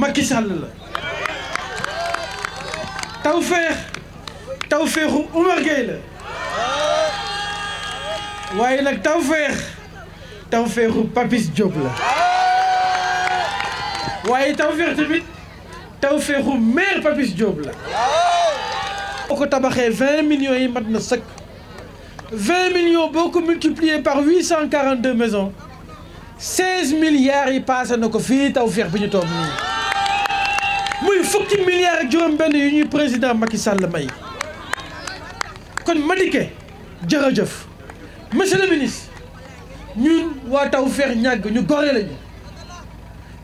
Macky Sall. T'as offert, t'as offert Ouais, là, t'as offert, t'as offert Papis Diop. Ouais, t'as offert, t'as offert Mère Papis Diop. Au côté 20 millions et maintenant 20 millions beaucoup multipliés par 842 maisons. seize milliards yi passé na ko fii Tawfekh bi ñu toog nii muy fukki milliards ak juróom-benn yu ñuy président Macky Sall may kon Madické jërëjëf monsieur le ministre ñun waa Tawfekh ñàgg ñu gore lañu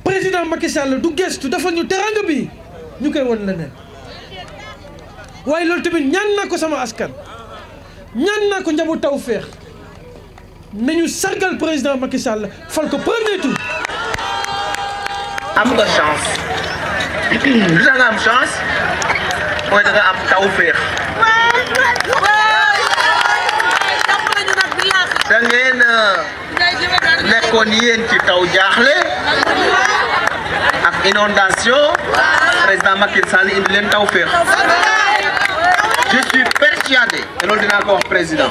président Macky Sall du gëstu dafa ñu teranga bi ñu koy won leneen waaye loolu tamit ñaan naa ko sama askan ñaan naa ko njabu Tawfekh nañu sargal président Macky Sall fal ko premier tour. am nga chance lu tax nga am chance mooy da nga am taw féex. da ngeen euh, nekkoon yéen ci taw jaaxle ak inondation président Macky Sall indi leen taw je suis persuadé. que loolu dinaa ko président.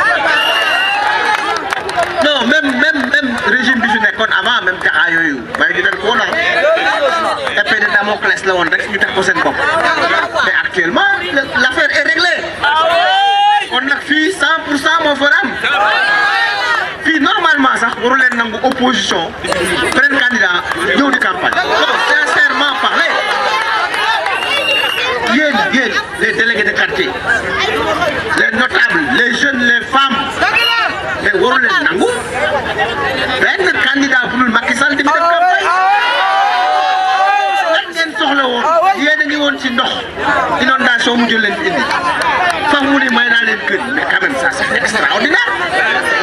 prétexte la woon rek ñu teg ko seen bopp mais actuellement l' affaire est réglée kon nag fii 100 pour 100 moo fa am fii normalement sax waru leen nangu opposition beneen candidat ñëw di campagne. sincèrement parlé yéen yéen les délégués de quartier les notables les jeunes les femmes mais waru leen nangu benn. inondation mu jël leen indi sax mu ne may naa leen kër mais quand même ça c'est extraordinaire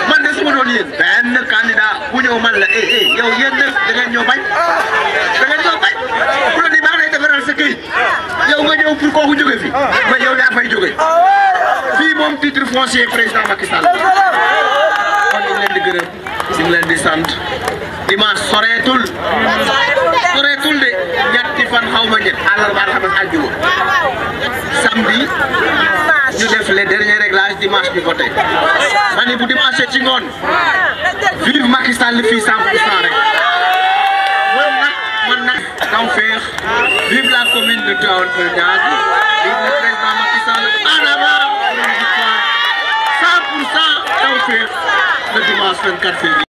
man de su ma doon yéen benn candidat bu ñëw man la eh eh yow yéen nag da ngeen ñoo bañ da ngeen ñoo bañ bu doon di baax lay defaral sa këyit yow nga ñëw pour kooku jóge fi mais yow yaa fay jóge fii moom titre foncier président Macky Sall kon ñu ngi leen di gërëm ñu ngi leen di sant dimanche soreetul réglage dimanche ñu voté ma ne bu dimanche ci ngoon vive Macky Sall fii 100 pour cent rek man nag man nag tawfeex vive la commune de Tivaouane Peulh-Niasse vive le président Macky Sall en avant pour une victoire 100 pour cent tawfeex le dimanche 24 février